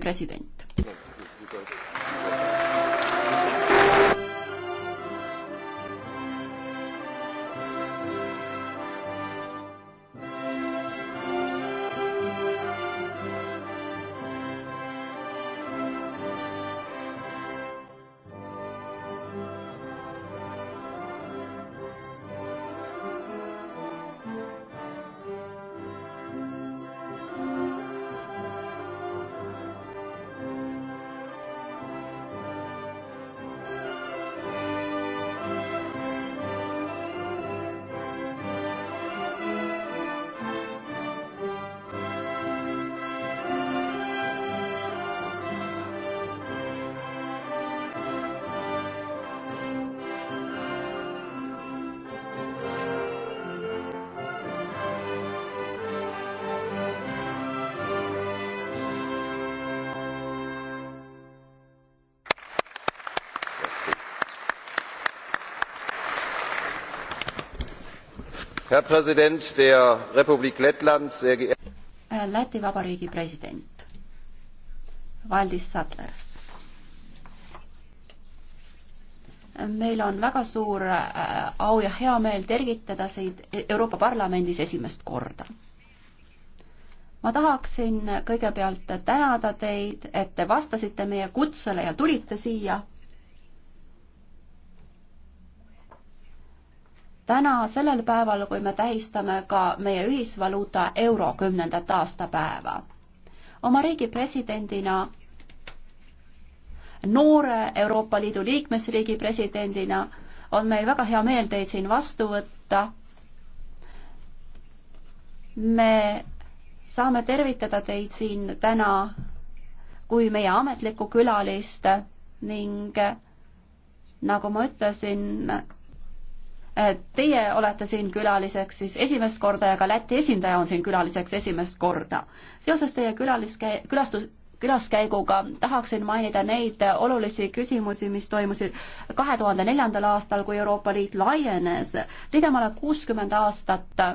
president. herr präsident der republik lettland sehr geehrter äh, Läti Vabariigi president Valdis Sadlers. meil on väga suur äh, au ja hea meel tervitada sind e-, Euroopa Parlamendis esimest korda. ma tahaksin kõigepealt tänada teid, et te vastasite meie kutsele ja tulite siia täna, sellel päeval, kui me tähistame ka meie ühisvaluuta euro kümnendat aastapäeva. oma riigi presidendina, noore Euroopa Liidu liikmesriigi presidendina on meil väga hea meel teid siin vastu võtta. me saame tervitada teid siin täna kui meie ametlikku külalist ning nagu ma ütlesin, Äh, teie olete siin külaliseks siis esimest korda ja ka Läti esindaja on siin külaliseks esimest korda. seoses teie külaliskäi-, külastus, külaskäiguga tahaksin mainida neid olulisi küsimusi, mis toimusid kahe tuhande neljandal aastal, kui Euroopa Liit laienes. ligemale kuuskümmend aastat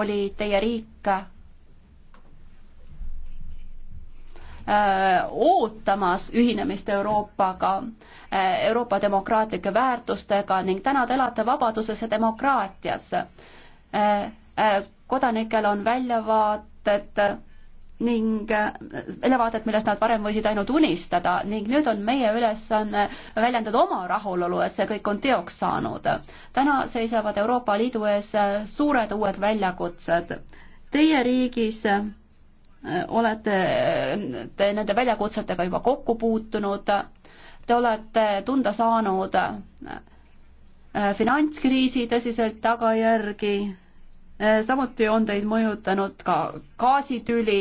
oli teie riik Äh, ootamas ühinemist Euroopaga, äh, Euroopa demokraatlike väärtustega ning täna te elate vabaduses ja demokraatias. Äh, kodanikel on väljavaated ning väljavaated, millest nad varem võisid ainult unistada ning nüüd on meie ülesanne väljendada oma rahulolu, et see kõik on teoks saanud. täna seisavad Euroopa Liidu ees suured uued väljakutsed. Teie riigis olete te nende väljakutsetega juba kokku puutunud, te olete tunda saanud äh, finantskriisi tõsiselt tagajärgi, äh, samuti on teid mõjutanud ka gaasitüli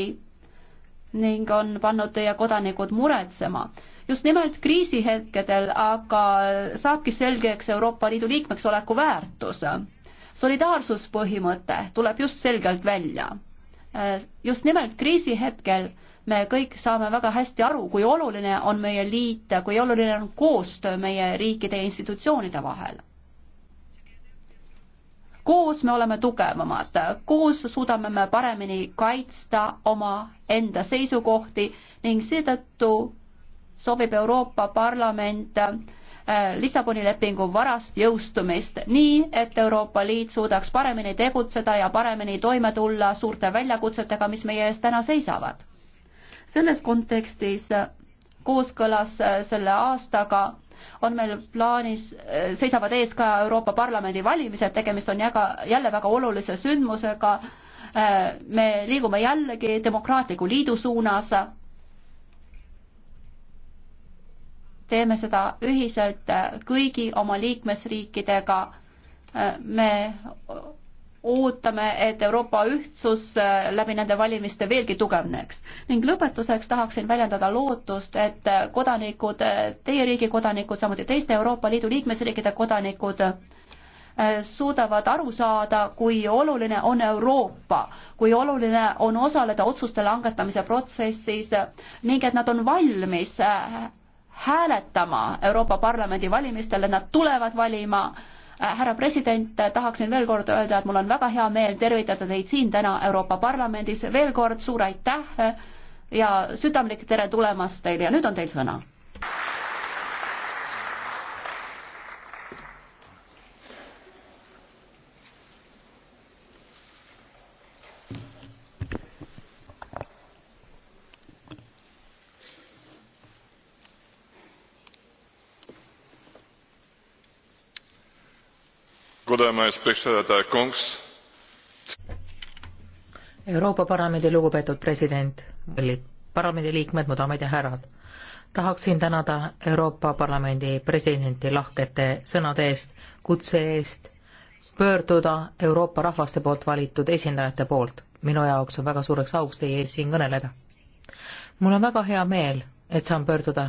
ning on pannud teie kodanikud muretsema. just nimelt kriisihetkedel aga saabki selgeks Euroopa Liidu liikmeks oleku väärtus. solidaarsuspõhimõte tuleb just selgelt välja Äh, just nimelt kriisi hetkel me kõik saame väga hästi aru, kui oluline on meie liit, kui oluline on koostöö meie riikide ja institutsioonide vahel. koos me oleme tugevamad, koos suudame me paremini kaitsta omaenda seisukohti ning seetõttu soovib Euroopa Parlament äh, Äh, Lissaboni lepingu varast jõustumist, nii et Euroopa Liit suudaks paremini tegutseda ja paremini toime tulla suurte väljakutsetega, mis meie ees täna seisavad. selles kontekstis äh, kooskõlas äh, selle aastaga on meil plaanis, seisavad ees ka Euroopa Parlamendi valimised, tegemist on jäga, jälle väga olulise sündmusega, me liigume jällegi demokraatliku liidu suunas teeme seda ühiselt äh, kõigi oma liikmesriikidega. Äh, me ootame, et Euroopa ühtsus äh, läbi nende valimiste veelgi tugevneks. ning lõpetuseks tahaksin väljendada lootust, et kodanikud, teie riigi kodanikud, samuti teiste Euroopa Liidu liikmesriikide kodanikud suudavad aru saada, kui oluline on Euroopa, kui oluline on osaleda otsuste langetamise protsessis ning et nad on valmis hääletama Euroopa Parlamendi valimistel, et nad tulevad valima. Äh, härra president, äh, tahaksin veel kord öelda, et mul on väga hea meel tervitada teid siin täna Euroopa Parlamendis, veel kord suur aitäh ja südamlik tere tulemast teile ja nüüd on teil sõna. Euroopa Parlamendi lugupeetud president, parlamendi liikmed, mu daamid ja härrad. tahaksin tänada Euroopa Parlamendi presidenti lahkete sõnade eest, kutse eest pöörduda Euroopa rahvaste poolt valitud esindajate poolt. minu jaoks on väga suureks auks teie ees siin kõneleda. mul on väga hea meel, et saan pöörduda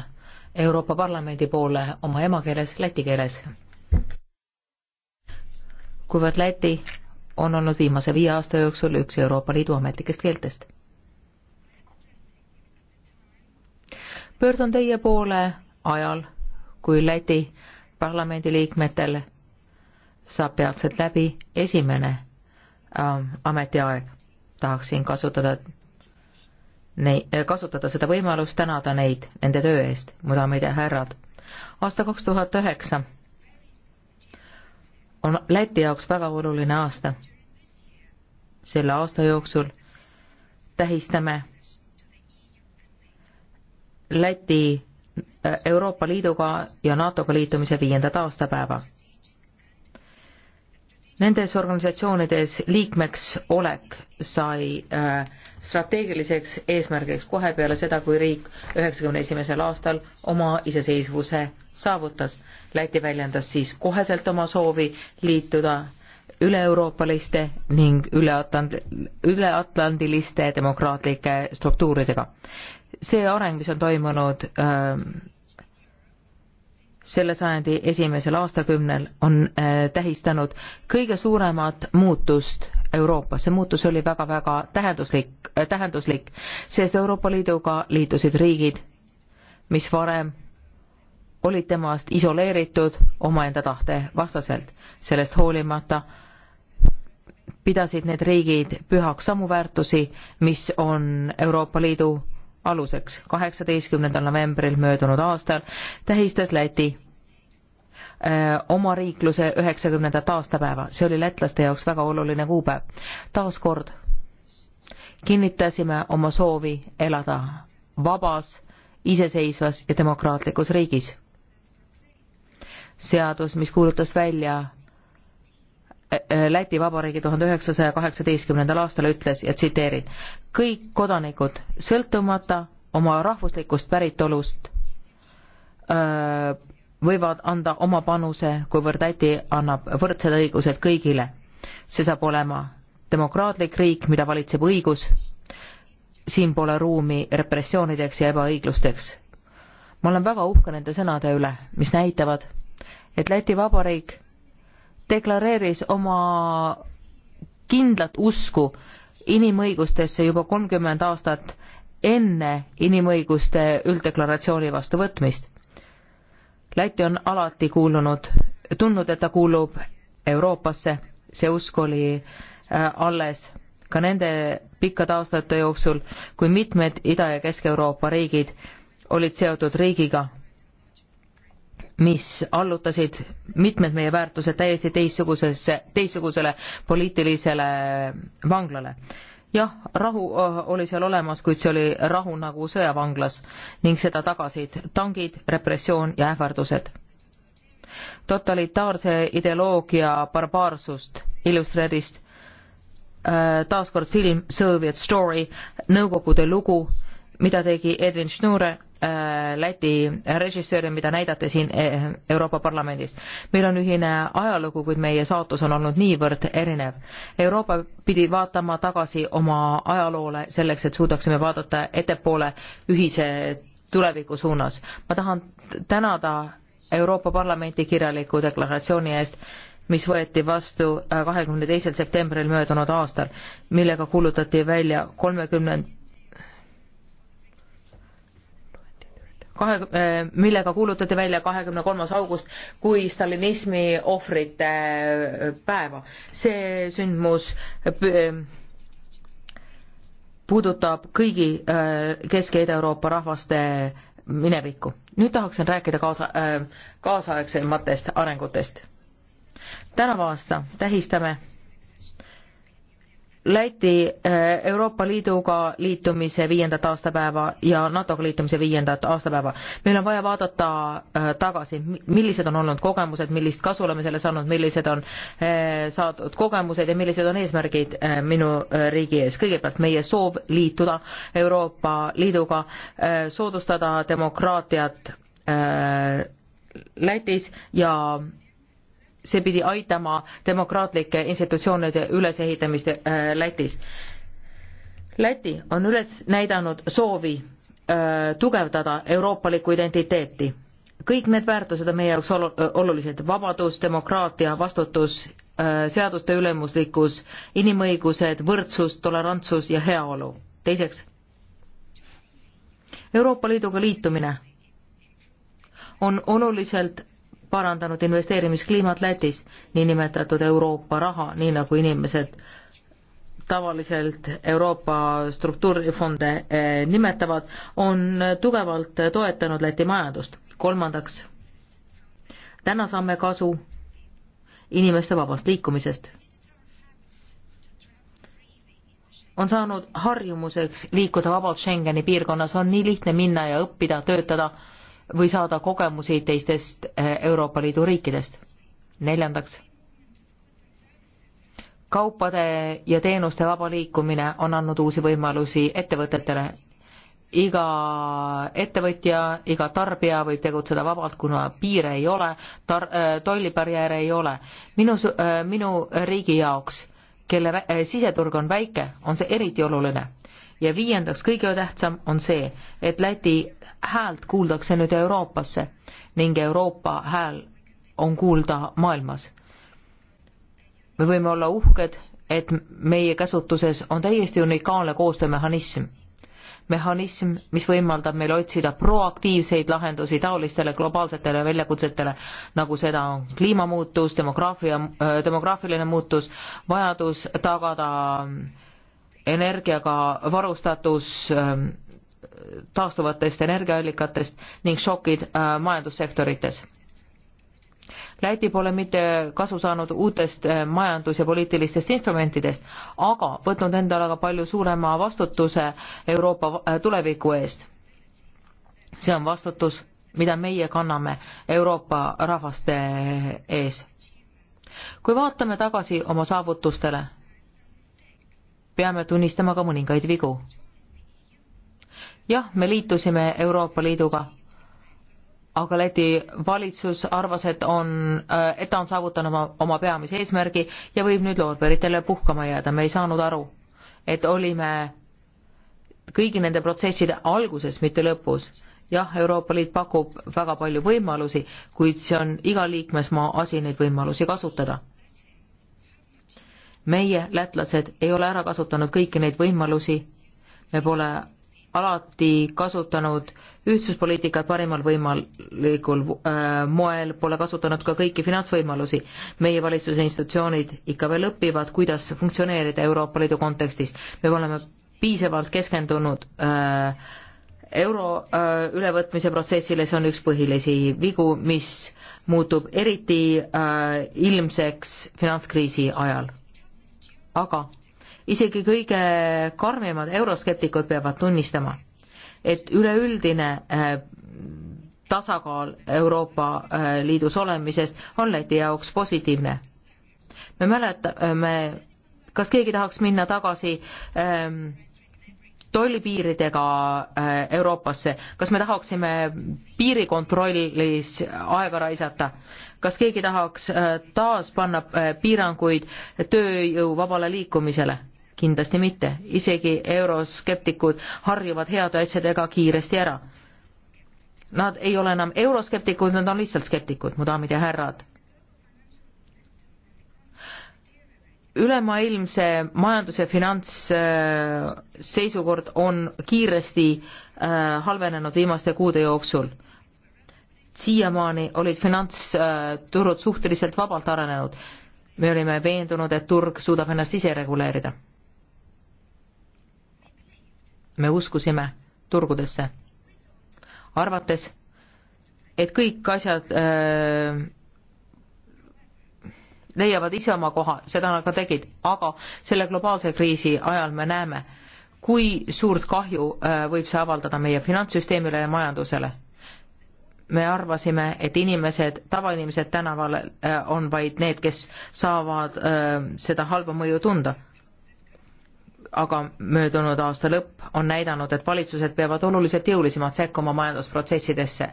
Euroopa Parlamendi poole oma emakeeles, läti keeles kuivõrd läti on olnud viimase viie aasta jooksul üks Euroopa Liidu ametlikest keeltest. pöördun teie poole ajal, kui Läti parlamendiliikmetel saab peatselt läbi esimene äh, ametiaeg. tahaksin kasutada neid, äh, kasutada seda võimalust tänada neid nende töö eest, mu daamid ja härrad. aasta kaks tuhat üheksa on Läti jaoks väga oluline aasta. selle aasta jooksul tähistame Läti äh, Euroopa Liiduga ja NATO-ga liitumise viiendat aastapäeva. Nendes organisatsioonides liikmeks olek sai äh, strateegiliseks eesmärgiks kohe peale seda, kui riik üheksakümne esimesel aastal oma iseseisvuse saavutas. Läti väljendas siis koheselt oma soovi liituda üle-euroopaliste ning üleatland-, üleatlandiliste demokraatlike struktuuridega. see areng, mis on toimunud äh, selle sajandi esimesel aastakümnel, on äh, tähistanud kõige suuremat muutust Euroopas. see muutus oli väga-väga tähenduslik äh,, tähenduslik, sest Euroopa Liiduga liitusid riigid, mis varem äh, olid temast isoleeritud omaenda tahte vastaselt. sellest hoolimata pidasid need riigid pühaks samu väärtusi, mis on Euroopa Liidu aluseks. kaheksateistkümnendal novembril möödunud aastal tähistas Läti äh, oma riikluse üheksakümnendat aastapäeva. see oli lätlaste jaoks väga oluline kuupäev. taaskord kinnitasime oma soovi elada vabas, iseseisvas ja demokraatlikus riigis seadus, mis kuulutas välja äh, äh, Läti Vabariigi tuhande üheksasaja kaheksateistkümnendal aastal ütles ja tsiteerin, kõik kodanikud, sõltumata oma rahvuslikust päritolust, äh, võivad anda oma panuse, kuivõrd Läti annab võrdsed õigused kõigile. see saab olema demokraatlik riik, mida valitseb õigus, siin pole ruumi repressioonideks ja ebaõiglusteks. ma olen väga uhke nende sõnade üle, mis näitavad, et Läti Vabariik deklareeris oma kindlat usku inimõigustesse juba kolmkümmend aastat enne inimõiguste ülddeklaratsiooni vastuvõtmist. Läti on alati kuulunud, tundnud, et ta kuulub Euroopasse, see usk oli äh, alles ka nende pikkade aastate jooksul, kui mitmed Ida- ja Kesk-Euroopa riigid olid seotud riigiga, mis allutasid mitmed meie väärtused täiesti teistsugusesse, teistsugusele poliitilisele vanglale. jah, rahu äh, oli seal olemas, kuid see oli rahu nagu sõjavanglas ning seda tagasid tangid, repressioon ja ähvardused. totalitaarse ideoloogia barbaarsust illustreeris äh, taaskord film Soviet Story, Nõukogude lugu, mida tegi Edwin Schnure Äh, Läti režissööri, mida näidati siin äh, Euroopa Parlamendis. meil on ühine ajalugu, kuid meie saatus on olnud niivõrd erinev. Euroopa pidi vaatama tagasi oma ajaloole selleks, et suudaksime vaadata ettepoole ühise tuleviku suunas. ma tahan tänada Euroopa Parlamenti kirjaliku deklaratsiooni eest, mis võeti vastu äh, kahekümne teisel septembril möödunud aastal, millega kuulutati välja kolmekümnend kahe, eh, millega kuulutati välja kahekümne kolmas august kui stalinismi ohvrite eh, päeva. see sündmus eh, puudutab kõigi Kesk- ja Ida-Euroopa rahvaste minevikku. nüüd tahaksin rääkida kaasa, kaasaegsematest arengutest. tänavu aasta tähistame Läti eh, Euroopa Liiduga liitumise viiendat aastapäeva ja NATO-ga liitumise viiendat aastapäeva. meil on vaja vaadata eh, tagasi, millised on olnud kogemused, millist kasu oleme selle saanud, millised on eh, saadud kogemused ja millised on eesmärgid minu riigi ees. kõigepealt meie soov liituda Euroopa Liiduga, soodustada demokraatiat Lätis ja see pidi aitama demokraatlike institutsioonide ülesehitamist äh, Lätis. Läti on üles näidanud soovi äh, tugevdada euroopalikku identiteeti. kõik need väärtused on meie jaoks olulised, vabadus, demokraatia, vastutus, äh, seaduste ülemuslikkus, inimõigused, võrdsus, tolerantsus ja heaolu. teiseks, Euroopa Liiduga liitumine on oluliselt parandanud investeerimiskliimat Lätis, niinimetatud Euroopa raha, nii nagu inimesed tavaliselt Euroopa struktuurifonde eh, nimetavad, on tugevalt toetanud Läti majandust. kolmandaks, täna saame kasu inimeste vabast liikumisest. on saanud harjumuseks liikuda vabalt Schengeni piirkonnas, on nii lihtne minna ja õppida, töötada või saada kogemusi teistest eh, Euroopa Liidu riikidest. neljandaks, kaupade ja teenuste vaba liikumine on andnud uusi võimalusi ettevõtetele. iga ettevõtja, iga tarbija võib tegutseda vabalt, kuna piire ei ole, tar-, eh, tollibarjääre ei ole. minu, eh, minu riigi jaoks, kelle siseturg on väike, on see eriti oluline ja viiendaks kõige tähtsam on see, et Läti häält kuuldakse nüüd Euroopasse ning Euroopa hääl on kuulda maailmas. me võime olla uhked, et meie käsutuses on täiesti unikaalne koostöömehhanism. mehhanism, mis võimaldab meil otsida proaktiivseid lahendusi taolistele globaalsetele väljakutsetele, nagu seda on kliimamuutus, demograafia, demograafiline muutus, vajadus tagada mm, energiaga varustatus äh, taastuvatest energiaallikatest ning šokid äh, majandussektorites. Läti pole mitte kasu saanud uutest äh, majandus- ja poliitilistest instrumentidest, aga võtnud endale ka palju suurema vastutuse Euroopa äh, tuleviku eest. see on vastutus, mida meie kanname Euroopa rahvaste ees. kui vaatame tagasi oma saavutustele, peame tunnistama ka mõningaid vigu jah, me liitusime Euroopa Liiduga, aga Läti valitsus arvas, et on, äh, et ta on saavutanud oma, oma peamise eesmärgi ja võib nüüd loorberitele puhkama jääda, me ei saanud aru, et olime kõigi nende protsesside alguses, mitte lõpus. jah, Euroopa Liit pakub väga palju võimalusi, kuid see on iga liikmesmaa asi neid võimalusi kasutada. meie, lätlased, ei ole ära kasutanud kõiki neid võimalusi, me pole alati kasutanud ühtsuspoliitikat parimal võimalikul äh, moel, pole kasutanud ka kõiki finantsvõimalusi. meie valitsuse institutsioonid ikka veel õpivad, kuidas funktsioneerida Euroopa Liidu kontekstis. me oleme piisavalt keskendunud äh, euro äh, ülevõtmise protsessile, see on üks põhilisi vigu, mis muutub eriti äh, ilmseks finantskriisi ajal. aga isegi kõige karmimad euroskeptikud peavad tunnistama, et üleüldine äh, tasakaal Euroopa äh, Liidus olemisest on Läti jaoks positiivne. me mäletame, äh, kas keegi tahaks minna tagasi ähm, tollipiiridega Euroopasse, kas me tahaksime piirikontrollis aega raisata, kas keegi tahaks taas panna piiranguid tööjõu vabale liikumisele? kindlasti mitte, isegi euroskeptikud harjuvad heade asjadega kiiresti ära. Nad ei ole enam euroskeptikud, nad on lihtsalt skeptikud, mu daamid ja härrad. ülemaailmse majanduse finantsseisukord on kiiresti äh, halvenenud viimaste kuude jooksul. siiamaani olid finantsturud suhteliselt vabalt arenenud. me olime veendunud, et turg suudab ennast ise reguleerida me uskusime turgudesse, arvates, et kõik asjad öö, äh, leiavad ise oma koha, seda nad ka tegid, aga selle globaalse kriisi ajal me näeme, kui suurt kahju äh, võib see avaldada meie finantssüsteemile ja majandusele. me arvasime, et inimesed, tavainimesed tänaval äh, on vaid need, kes saavad seda halba mõju tunda aga möödunud aasta lõpp on näidanud, et valitsused peavad oluliselt jõulisemalt sekkuma majandusprotsessidesse.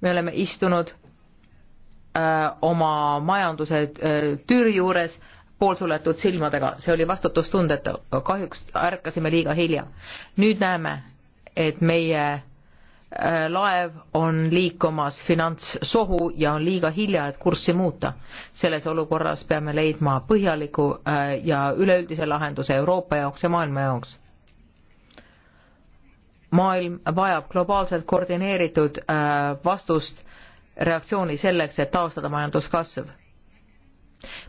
me oleme istunud öö, äh, oma majanduse öö, äh, tüüri juures poolsuletud silmadega, see oli vastutustundetu, kahjuks ärkasime liiga hilja. nüüd näeme, et meie laev on liikumas finantssohu ja on liiga hilja, et kurssi muuta. selles olukorras peame leidma põhjaliku äh, ja üleüldise lahenduse Euroopa jaoks ja maailma jaoks. maailm vajab globaalselt koordineeritud äh, vastust, reaktsiooni selleks, et taastada majanduskasv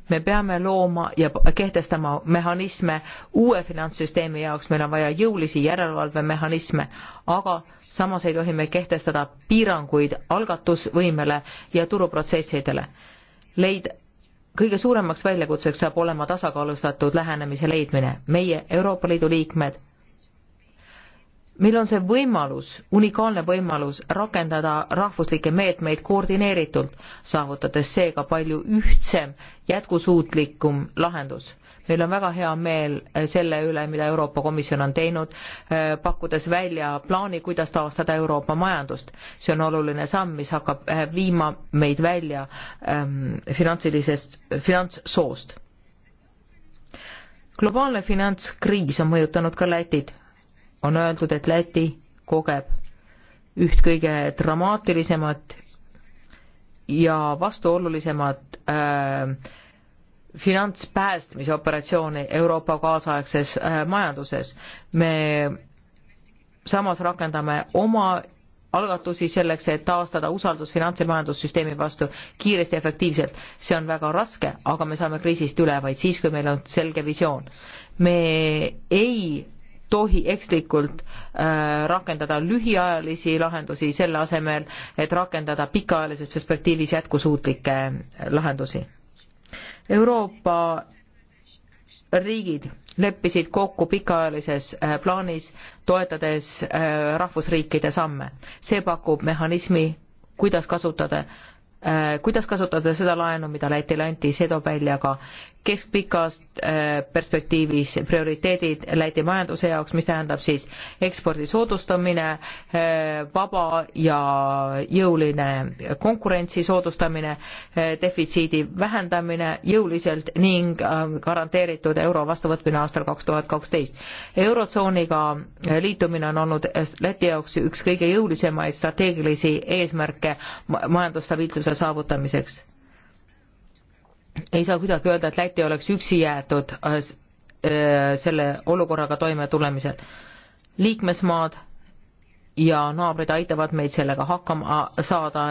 me peame looma ja kehtestama mehhanisme uue finantssüsteemi jaoks, meil on vaja jõulisi järelevalvemehhanisme, aga samas ei tohi me kehtestada piiranguid algatusvõimele ja turuprotsessidele. leid-, kõige suuremaks väljakutseks saab olema tasakaalustatud lähenemise leidmine. meie, Euroopa Liidu liikmed, meil on see võimalus, unikaalne võimalus rakendada rahvuslikke meetmeid koordineeritult, saavutades seega palju ühtsem, jätkusuutlikum lahendus meil on väga hea meel eh, selle üle, mida Euroopa Komisjon on teinud, eh, pakkudes välja plaani, kuidas taastada Euroopa majandust. see on oluline samm, mis hakkab eh, viima meid välja ähm, finantsilisest, finantssoost. globaalne finantskriis on mõjutanud ka Lätit. on öeldud, et Läti kogeb üht kõige dramaatilisemat ja vastuolulisemat äh, finantspäästmise operatsiooni Euroopa kaasaegses äh, majanduses. me samas rakendame oma algatusi selleks, et taastada usaldus finants- ja majandussüsteemi vastu kiiresti ja efektiivselt. see on väga raske, aga me saame kriisist üle vaid siis, kui meil on selge visioon. me ei tohi ekslikult äh, rakendada lühiajalisi lahendusi selle asemel, et rakendada pikaajalises perspektiivis jätkusuutlikke äh, lahendusi Euroopa riigid leppisid kokku pikaajalises äh, plaanis, toetades äh, rahvusriikide samme. see pakub mehhanismi, kuidas kasutada äh, kuidas kasutada seda laenu, mida Lätile anti, see toob välja ka keskpikas äh, perspektiivis prioriteedid Läti majanduse jaoks, mis tähendab siis ekspordi soodustamine, äh, vaba ja jõuline konkurentsi soodustamine, äh, defitsiidi vähendamine jõuliselt ning garanteeritud euro vastuvõtmine aastal kaks tuhat kaksteist. eurotsooniga liitumine on olnud Läti jaoks üks kõige jõulisemaid strateegilisi eesmärke majandusstabiilsuse saavutamiseks ei saa kuidagi öelda, et Läti oleks üksi jäetud äh, äh, selle olukorraga toimetulemisel. liikmesmaad ja naabrid aitavad meid sellega hakkama äh, saada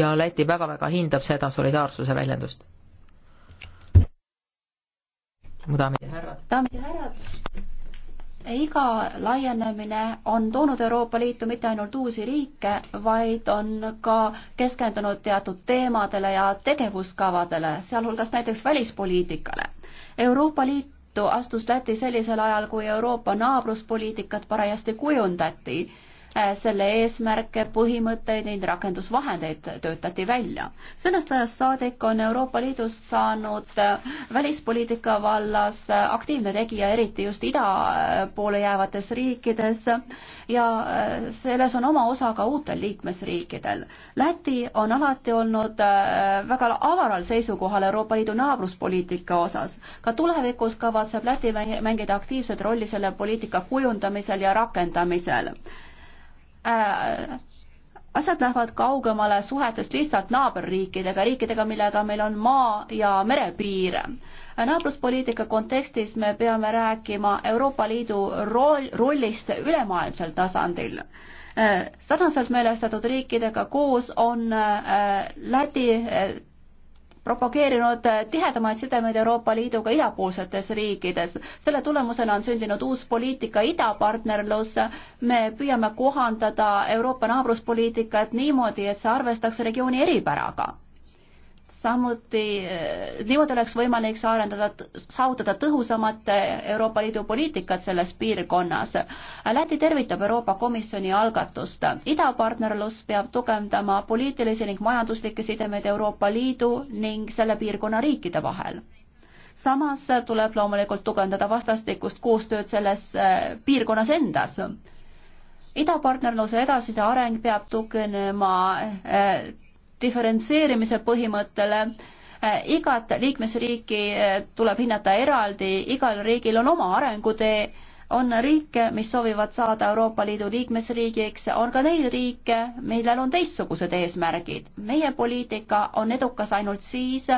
ja Läti väga-väga hindab seda solidaarsuse väljendust. mu daamid ja härrad. daamid ja härrad iga laienemine on toonud Euroopa Liitu mitte ainult uusi riike, vaid on ka keskendunud teatud teemadele ja tegevuskavadele, sealhulgas näiteks välispoliitikale. Euroopa Liitu astus Läti sellisel ajal, kui Euroopa naabruspoliitikat parajasti kujundati Eh, selle eesmärke, põhimõtteid, neid rakendusvahendeid töötati välja. sellest ajast saadik on Euroopa Liidust saanud eh, välispoliitika vallas eh, aktiivne tegija, eriti just ida poole jäävates riikides ja selles on oma osa ka uutel liikmesriikidel. Läti on alati olnud väga avaral seisukohal Euroopa Liidu naabruspoliitika osas. ka tulevikus kavatseb Läti mängida aktiivset rolli selle poliitika kujundamisel ja rakendamisel Äh, asjad lähevad kaugemale suhetest lihtsalt naaberriikidega, riikidega, millega meil on maa- ja merepiir. Äh, naabruspoliitika kontekstis me peame rääkima Euroopa Liidu roll, rollist ülemaailmsel tasandil. Äh, sarnaselt meelestatud riikidega koos on Läti propageerinud tihedamaid sidemeid Euroopa Liiduga idapoolsetes riikides. selle tulemusena on sündinud uus poliitika idapartnerlus. me püüame kohandada Euroopa naabruspoliitikat niimoodi, et see arvestaks regiooni eripäraga samuti eh, niimoodi oleks võimalik saarendada, saavutada tõhusamat eh, Euroopa Liidu poliitikat selles piirkonnas. Läti tervitab Euroopa Komisjoni algatust. idapartnerlus peab tugevdama poliitilisi ning majanduslikke sidemeid Euroopa Liidu ning selle piirkonna riikide vahel samas tuleb loomulikult tugevdada vastastikust koostööd selles eh, piirkonnas endas idapartnerluse edasise areng peab tuginema diferentseerimise põhimõttele. Äh, igat liikmesriiki äh, tuleb hinnata eraldi, igal riigil on oma arengutee, on riike, mis soovivad saada Euroopa Liidu liikmesriigiks, on ka neid riike, millel on teistsugused eesmärgid. meie poliitika on edukas ainult siis,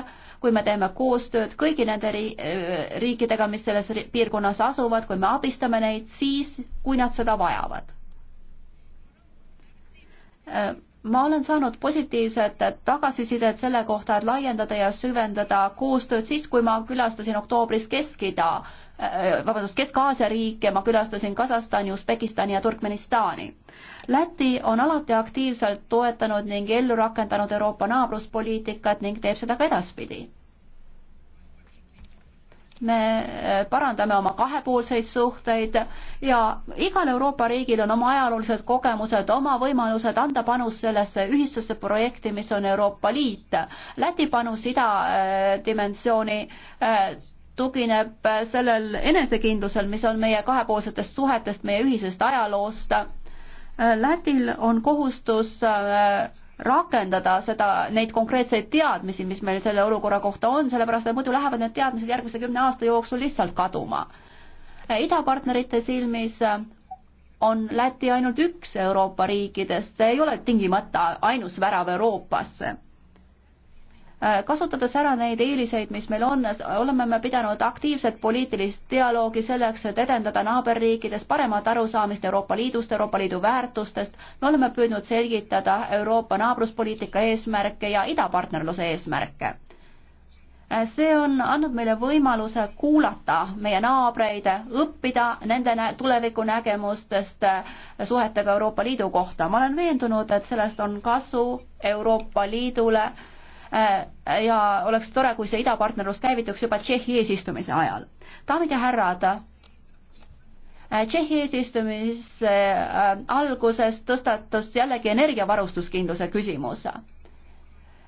kui me teeme koostööd kõigi nende äh, riikidega, mis selles piirkonnas asuvad, kui me abistame neid siis, kui nad seda vajavad ma olen saanud positiivset tagasisidet selle kohta, et laiendada ja süvendada koostööd siis, kui ma külastasin oktoobris Kesk-Ida, äh, äh, vabandust, Kesk-Aasia riike, ma külastasin Kasahstani, Usbekistani ja Turkmenistani. Läti on alati aktiivselt toetanud ning ellu rakendanud Euroopa naabruspoliitikat ning teeb seda ka edaspidi me eh, parandame oma kahepoolseid suhteid ja igal Euroopa riigil on oma ajaloolised kogemused, oma võimalused anda panus sellesse ühistusse projekti, mis on Euroopa Liit. Läti panus idadimensiooni eh, eh, tugineb sellel enesekindlusel, mis on meie kahepoolsetest suhetest, meie ühisest ajaloost. Lätil on kohustus äh, rakendada seda, neid konkreetseid teadmisi, mis meil selle olukorra kohta on, sellepärast et muidu lähevad need teadmised järgmise kümne aasta jooksul lihtsalt kaduma. idapartnerite silmis on Läti ainult üks Euroopa riikidest, see ei ole tingimata ainus värav Euroopasse Äh, kasutades ära neid eeliseid, mis meil on, oleme me pidanud aktiivset poliitilist dialoogi selleks, et edendada naaberriikides paremat arusaamist Euroopa Liidust, Euroopa Liidu väärtustest. me oleme püüdnud selgitada Euroopa naabruspoliitika eesmärke ja idapartnerluse eesmärke. Äh, see on andnud meile võimaluse kuulata meie naabreid, õppida nende tulevikunägemustest äh, suhetega Euroopa Liidu kohta. ma olen veendunud, et sellest on kasu Euroopa Liidule Äh, ja oleks tore, kui see idapartnerlus käivituks juba Tšehhi eesistumise ajal. daamid ja härrad, äh, Tšehhi eesistumise äh, alguses tõstatus jällegi energiavarustuskindluse küsimus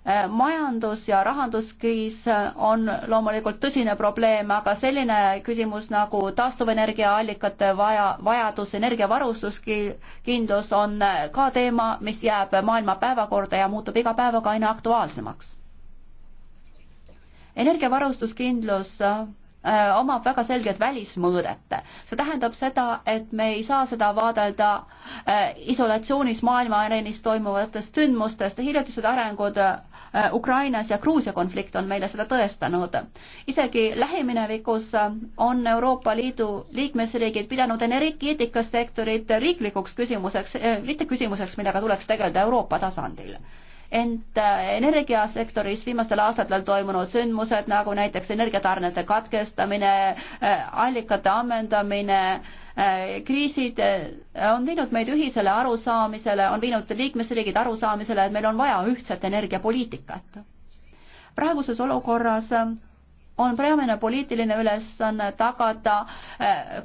Äh, majandus- ja rahanduskriis äh, on loomulikult tõsine probleem, aga selline küsimus nagu taastuvenergiaallikate vaja, vajadus, energiavarustuskindlus on äh, ka teema, mis jääb maailma päevakorda ja muutub iga päevaga aina aktuaalsemaks. energiavarustuskindlus omab väga selgelt välismõõdet. see tähendab seda, et me ei saa seda vaadelda isolatsioonis maailma areenis toimuvatest sündmustest, hiljutised arengud Äh, Ukrainas ja Gruusia konflikt on meile seda tõestanud. isegi lähiminevikus on Euroopa Liidu liikmesriigid pidanud energeetikasektorit riiklikuks küsimuseks, äh, mitte küsimuseks, millega tuleks tegeleda Euroopa tasandil ent äh, energiasektoris viimastel aastatel toimunud sündmused nagu näiteks energiatarnete katkestamine, äh, allikate ammendamine, äh, kriisid on viinud meid ühisele arusaamisele, on viinud liikmesriigid arusaamisele, et meil on vaja ühtset energiapoliitikat. praeguses olukorras on peamine poliitiline ülesanne tagada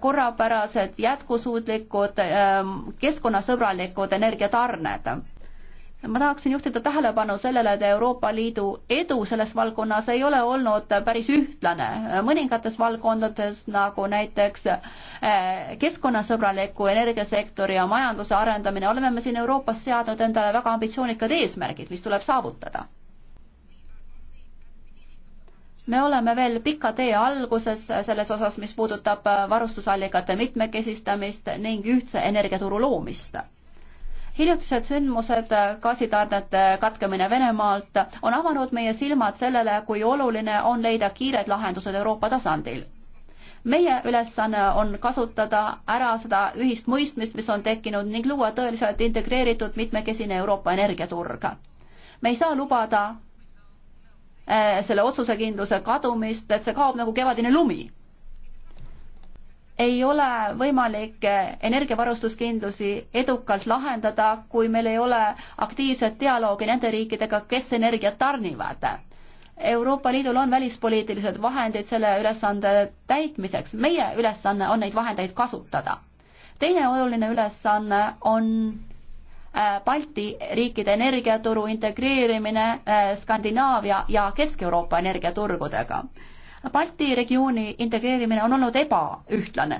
korrapärased, jätkusuutlikud, keskkonnasõbralikud energiatarned ma tahaksin juhtida tähelepanu sellele, et Euroopa Liidu edu selles valdkonnas ei ole olnud päris ühtlane. mõningates valdkondades, nagu näiteks eh, keskkonnasõbraliku energiasektori ja majanduse arendamine, oleme me siin Euroopas seadnud endale väga ambitsioonikad eesmärgid, mis tuleb saavutada. me oleme veel pika tee alguses selles osas, mis puudutab varustusallikate mitmekesistamist ning ühtse energiaturu loomist hiljutised sündmused, gaasitarnete katkemine Venemaalt, on avanud meie silmad sellele, kui oluline on leida kiired lahendused Euroopa tasandil. meie ülesanne on kasutada ära seda ühist mõistmist, mis on tekkinud ning luua tõeliselt integreeritud mitmekesine Euroopa energiaturg. me ei saa lubada eh, selle otsusekindluse kadumist, et see kaob nagu kevadine lumi ei ole võimalik energiavarustuskindlusi edukalt lahendada, kui meil ei ole aktiivset dialoogi nende riikidega, kes energiat tarnivad. Euroopa Liidul on välispoliitilised vahendid selle ülesande täitmiseks, meie ülesanne on neid vahendeid kasutada. teine oluline ülesanne on äh, Balti riikide energiaturu integreerimine äh, Skandinaavia ja Kesk-Euroopa energiaturgudega Balti regiooni integreerimine on olnud ebaühtlane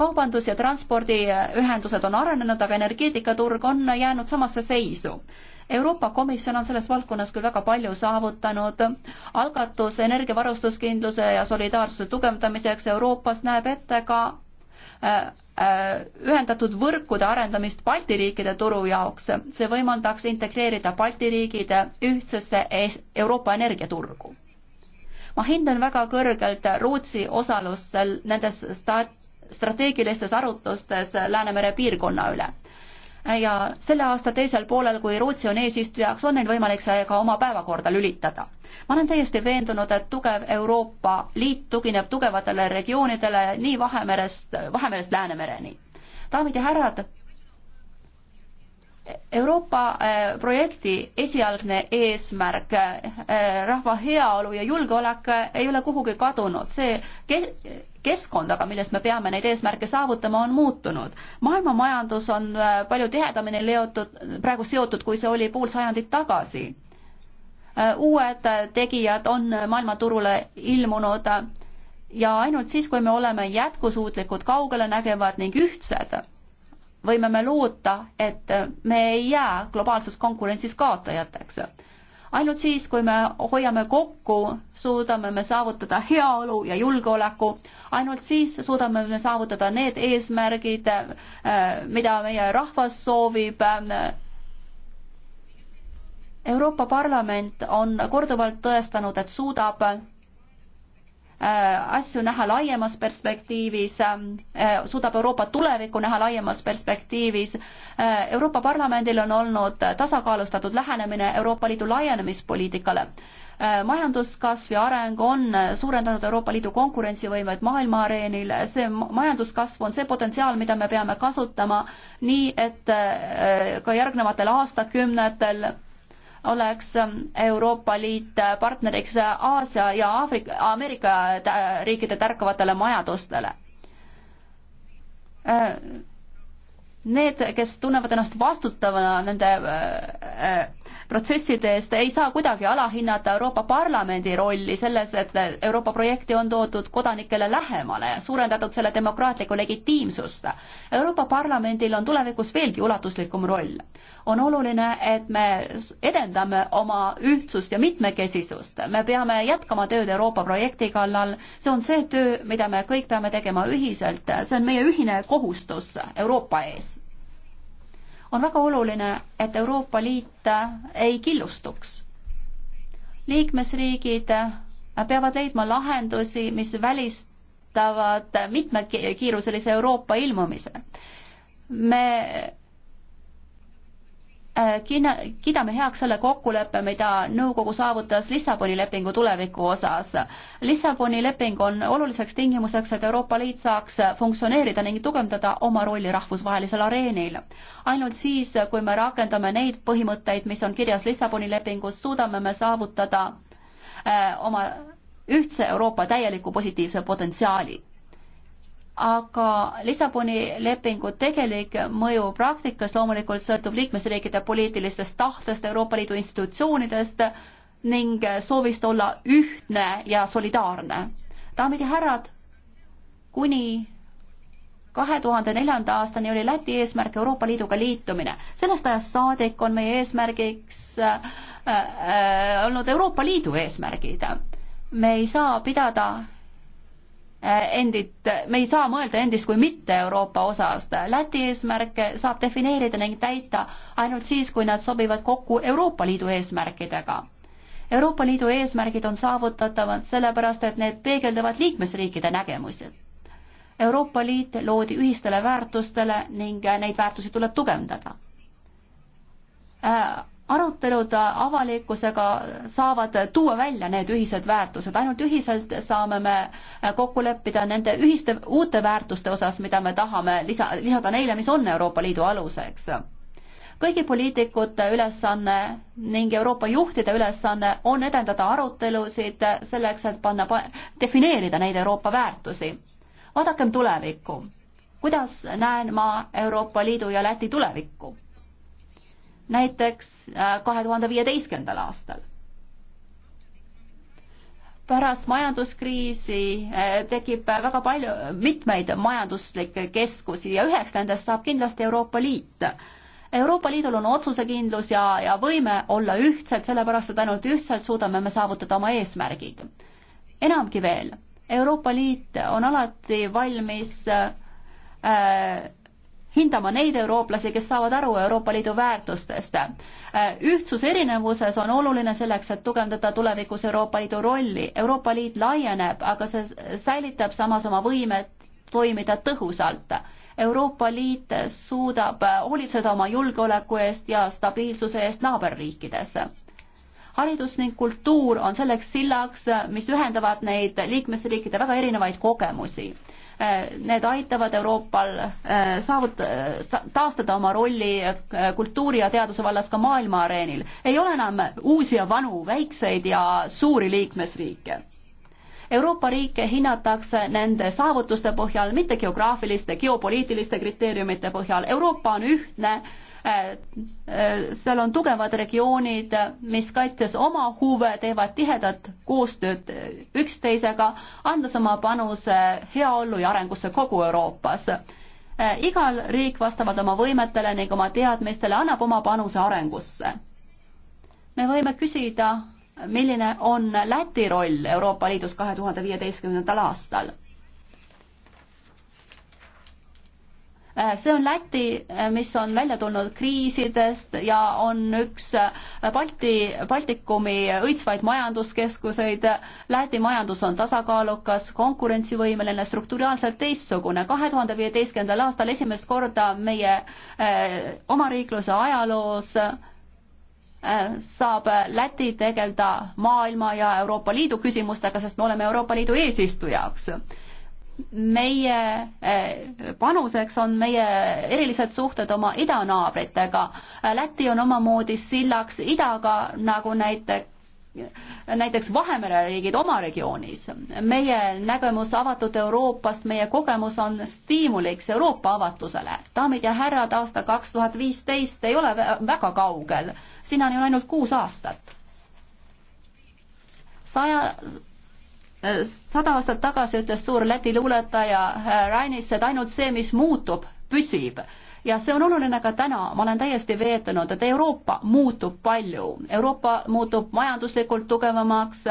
kaubandus- ja transpordiühendused on arenenud, aga energeetikaturg on jäänud samasse seisu. Euroopa Komisjon on selles valdkonnas küll väga palju saavutanud, algatus energiavarustuskindluse ja solidaarsuse tugevdamiseks Euroopas näeb ette ka äh, äh, ühendatud võrkude arendamist Balti riikide turu jaoks. see võimaldaks integreerida Balti riigid ühtsesse Euroopa energiaturgu ma hindan väga kõrgelt Rootsi osalust seal nendes sta-, strateegilistes arutlustes Läänemere piirkonna üle. ja selle aasta teisel poolel, kui Rootsi on eesistujaks, on neil võimalik see ka oma päevakorda lülitada. ma olen täiesti veendunud, et tugev Euroopa Liit tugineb tugevatele regioonidele nii Vahemerest, Vahemerest Läänemereni. daamid ja härrad Euroopa äh, projekti esialgne eesmärk, äh, rahva heaolu ja julgeolek äh, ei ole kuhugi kadunud, see keskkond aga, milles me peame neid eesmärke saavutama, on muutunud. maailma majandus on palju tihedamini leotud, praegu seotud, kui see oli pool sajandit tagasi. uued tegijad on maailmaturule ilmunud ja ainult siis, kui me oleme jätkusuutlikud, kaugelenägevad ning ühtsed võime me loota, et me ei jää globaalses konkurentsis kaotajateks. ainult siis, kui me hoiame kokku, suudame me saavutada heaolu ja julgeoleku, ainult siis suudame me saavutada need eesmärgid, eh, mida meie rahvas soovib. Euroopa Parlament on korduvalt tõestanud, et suudab Äh, asju näha laiemas perspektiivis, ähm, äh, suudab Euroopa tulevikku näha laiemas perspektiivis. Äh, Euroopa Parlamendil on olnud tasakaalustatud lähenemine Euroopa Liidu laienemispoliitikale. majanduskasv ja areng on suurendanud Euroopa Liidu konkurentsivõimet maailma areenil, see majanduskasv on see potentsiaal, mida me peame kasutama nii, et ka järgnevatel aastakümnetel oleks Euroopa Liit partneriks Aasia ja Aafrika, Ameerika riikide tärkavatele majandustele. Äh, need, kes tunnevad ennast vastutavana nende äh, protsesside eest, ei saa kuidagi alahinnata Euroopa Parlamendi rolli selles, et Euroopa projekti on toodud kodanikele lähemale, suurendatud selle demokraatlikku legitiimsust. Euroopa Parlamendil on tulevikus veelgi ulatuslikum roll. on oluline, et me edendame oma ühtsust ja mitmekesisust, me peame jätkama tööd Euroopa projekti kallal, see on see töö, mida me kõik peame tegema ühiselt, see on meie ühine kohustus Euroopa ees on väga oluline, et Euroopa Liit äh, ei killustuks. liikmesriigid äh, peavad leidma lahendusi, mis välistavad mitmekiiruselise Euroopa ilmumise. me Äh, kinna, kiidame heaks selle kokkuleppe, mida nõukogu saavutas Lissaboni lepingu tuleviku osas. Lissaboni leping on oluliseks tingimuseks, et Euroopa Liit saaks funktsioneerida ning tugevdada oma rolli rahvusvahelisel areenil. ainult siis, kui me rakendame neid põhimõtteid, mis on kirjas Lissaboni lepingus, suudame me saavutada äh, oma ühtse Euroopa täieliku positiivse potentsiaali aga Lissaboni lepingu tegelik mõju praktikas loomulikult sõltub liikmesriikide poliitilistest tahtest, Euroopa Liidu institutsioonidest ning soovist olla ühtne ja solidaarne. daamid ja härrad, kuni kahe tuhande neljanda aastani oli Läti eesmärk Euroopa Liiduga liitumine. sellest ajast saadik on meie eesmärgiks äh, äh, olnud Euroopa Liidu eesmärgid. me ei saa pidada Äh, endit, me ei saa mõelda endist kui mitte Euroopa osast. Läti eesmärke saab defineerida ning täita ainult siis, kui nad sobivad kokku Euroopa Liidu eesmärkidega. Euroopa Liidu eesmärgid on saavutatavad sellepärast, et need peegeldavad liikmesriikide nägemusi. Euroopa Liit loodi ühistele väärtustele ning neid väärtusi tuleb tugevdada äh, arutelud avalikkusega saavad tuua välja need ühised väärtused, ainult ühiselt saame me kokku leppida nende ühiste uute väärtuste osas, mida me tahame lisa, lisada neile, mis on Euroopa Liidu aluseks. kõigi poliitikute ülesanne ning Euroopa juhtide ülesanne on edendada arutelusid selleks, et panna, defineerida neid Euroopa väärtusi. vaadakem tulevikku. kuidas näen ma Euroopa Liidu ja Läti tulevikku? näiteks äh, kahe tuhande viieteistkümnendal aastal. pärast majanduskriisi äh, tekib äh, väga palju, mitmeid majanduslikke keskusi ja üheks nendest saab kindlasti Euroopa Liit Euroopa Liidul on otsusekindlus ja, ja võime olla ühtsed, sellepärast et ainult ühtselt suudame me saavutada oma eesmärgid. enamgi veel, Euroopa Liit on alati valmis äh, hindama neid eurooplasi, kes saavad aru Euroopa Liidu väärtustest. Äh, ühtsus erinevuses on oluline selleks, et tugevdada tulevikus Euroopa Liidu rolli. Euroopa Liit laieneb, aga see säilitab samas oma võimet toimida tõhusalt. Euroopa Liit suudab hoolitseda oma julgeoleku eest ja stabiilsuse eest naaberriikides haridus ning kultuur on selleks sillaks, mis ühendavad neid liikmesriikide väga erinevaid kogemusi Äh, need aitavad Euroopal äh, saavut-, äh, taastada oma rolli kultuuri ja teaduse vallas ka maailma areenil. ei ole enam uusi ja vanu, väikseid ja suuri liikmesriike. Euroopa riike hinnatakse nende saavutuste põhjal, mitte geograafiliste, geopoliitiliste kriteeriumite põhjal. Euroopa on ühtne Äh, äh, seal on tugevad regioonid, mis kaitses oma huve, teevad tihedat koostööd äh, üksteisega, andes oma panuse heaollu ja arengusse kogu Euroopas. igal riik vastavalt oma võimetele ning oma teadmistele annab oma panuse arengusse. me võime küsida, milline on Läti roll Euroopa Liidus kahe tuhande viieteistkümnendal aastal Äh, see on Läti, äh, mis on välja tulnud kriisidest ja on üks äh, Balti, Baltikumi õitsvaid majanduskeskuseid. Läti majandus on tasakaalukas, konkurentsivõimeline, strukturaalselt teistsugune. kahe tuhande viieteistkümnendal aastal esimest korda meie omariikluse ajaloos saab Läti tegeleda maailma ja Euroopa Liidu küsimustega, sest me oleme Euroopa Liidu eesistujaks meie eh, panuseks on meie erilised suhted oma idanaabritega. Eh, Läti on omamoodi sillaks idaga, nagu näiteks näiteks Vahemere riigid oma regioonis. meie nägemus avatud Euroopast, meie kogemus on stiimuliks Euroopa avatusele. daamid ja härrad, aasta kaks tuhat viisteist ei ole väga kaugel, sinnani on ainult kuus aastat. saja, sada aastat tagasi ütles suur Läti luuletaja Rainis, et ainult see, mis muutub, püsib ja see on oluline ka täna, ma olen täiesti veendunud, et Euroopa muutub palju, Euroopa muutub majanduslikult tugevamaks,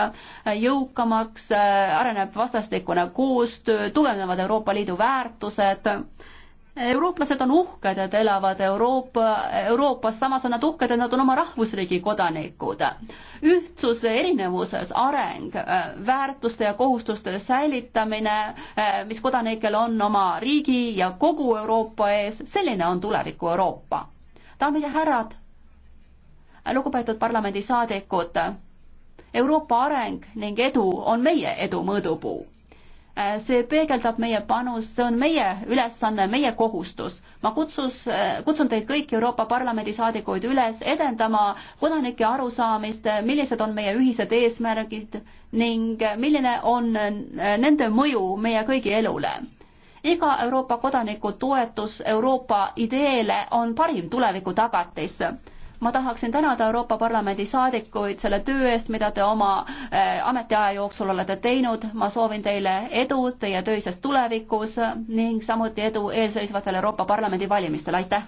jõukamaks, areneb vastastikune koostöö, tugevnevad Euroopa Liidu väärtused eurooplased on uhked, et elavad Euroopa, Euroopas, samas on nad uhked, et nad on oma rahvusriigi kodanikud. ühtsus erinevuses, areng, äh, väärtuste ja kohustuste säilitamine, äh, mis kodanikel on oma riigi ja kogu Euroopa ees, selline on tuleviku Euroopa. daamid ja härrad, lugupeetud parlamendisaadikud, Euroopa areng ning edu on meie edu mõõdupuu see peegeldab meie panust, see on meie ülesanne, meie kohustus. ma kutsus, kutsun teid kõiki Euroopa Parlamendi saadikuid üles edendama kodanike arusaamist, millised on meie ühised eesmärgid ning milline on nende mõju meie kõigi elule. iga Euroopa kodaniku toetus Euroopa ideele on parim tuleviku tagatis ma tahaksin tänada Euroopa Parlamendi saadikuid selle töö eest, mida te oma eh, ametiaja jooksul olete teinud. ma soovin teile edu teie töises tulevikus ning samuti edu eelseisvatel Euroopa Parlamendi valimistel, aitäh!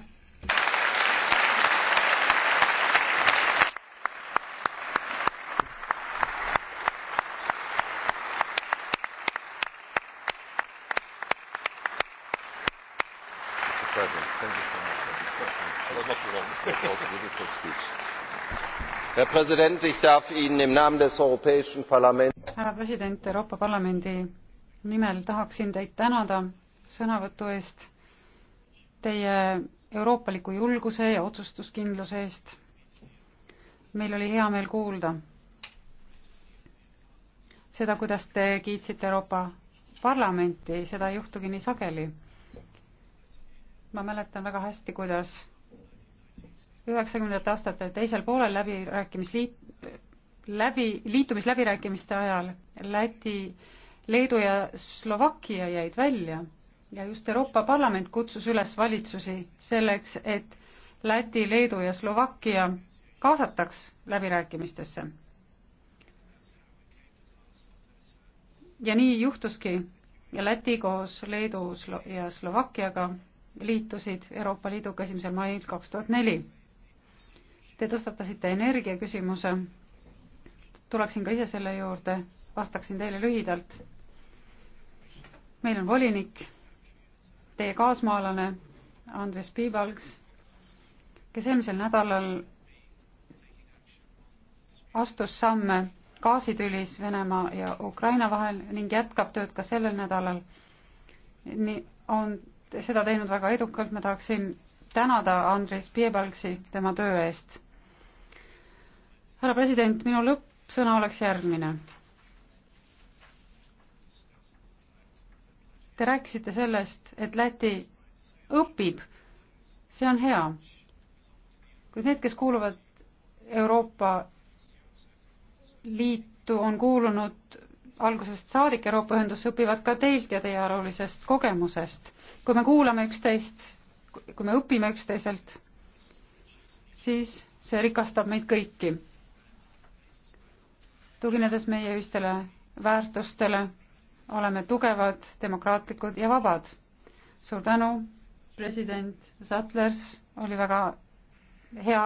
präsident! ich darf ihnen im namen des europäischen parlaments. härra president euroopa parlamendi nimel tahaksin teid tänada sõnavõtu eest teie euroopaliku julguse ja otsustuskindluse eest. meil oli hea meel kuulda seda, kuidas te kiitsite Euroopa Parlamenti, seda ei juhtugi nii sageli. ma mäletan väga hästi, kuidas üheksakümnendate aastate teisel poolel läbirääkimisliit, läbi, liitumisläbirääkimiste ajal Läti, Leedu ja Slovakkia jäid välja ja just Euroopa Parlament kutsus üles valitsusi selleks, et Läti, Leedu ja Slovakkia kaasataks läbirääkimistesse. ja nii juhtuski ja Läti koos Leedu ja Slovakkiaga liitusid Euroopa Liiduga esimesel mail kaks tuhat neli Te tõstatasite energiaküsimuse. tuleksin ka ise selle juurde, vastaksin teile lühidalt. meil on volinik, teie kaasmaalane Andres Piibalgs, kes eelmisel nädalal astus samme gaasitülis Venemaa ja Ukraina vahel ning jätkab tööd ka sellel nädalal. nii on seda teinud väga edukalt, ma tahaksin tänada Andres Piebalgsi tema töö eest härra president, minu lõppsõna oleks järgmine. Te rääkisite sellest, et Läti õpib, see on hea. kuid need, kes kuuluvad Euroopa Liitu, on kuulunud algusest saadik Euroopa Ühendusse, õpivad ka teilt ja teiearvulisest kogemusest. kui me kuulame üksteist, kui me õpime üksteiselt, siis see rikastab meid kõiki tuginedes meie ühistele väärtustele, oleme tugevad, demokraatlikud ja vabad. suur tänu, president Sattlers, oli väga hea,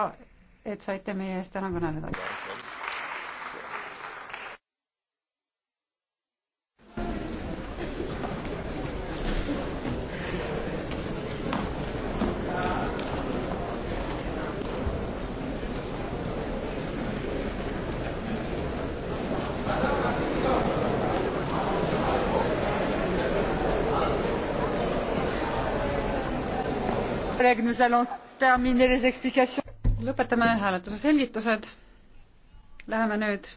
et saite meie eest täna kõneleda. lõpetame hääletuse selgitused. Läheme nüüd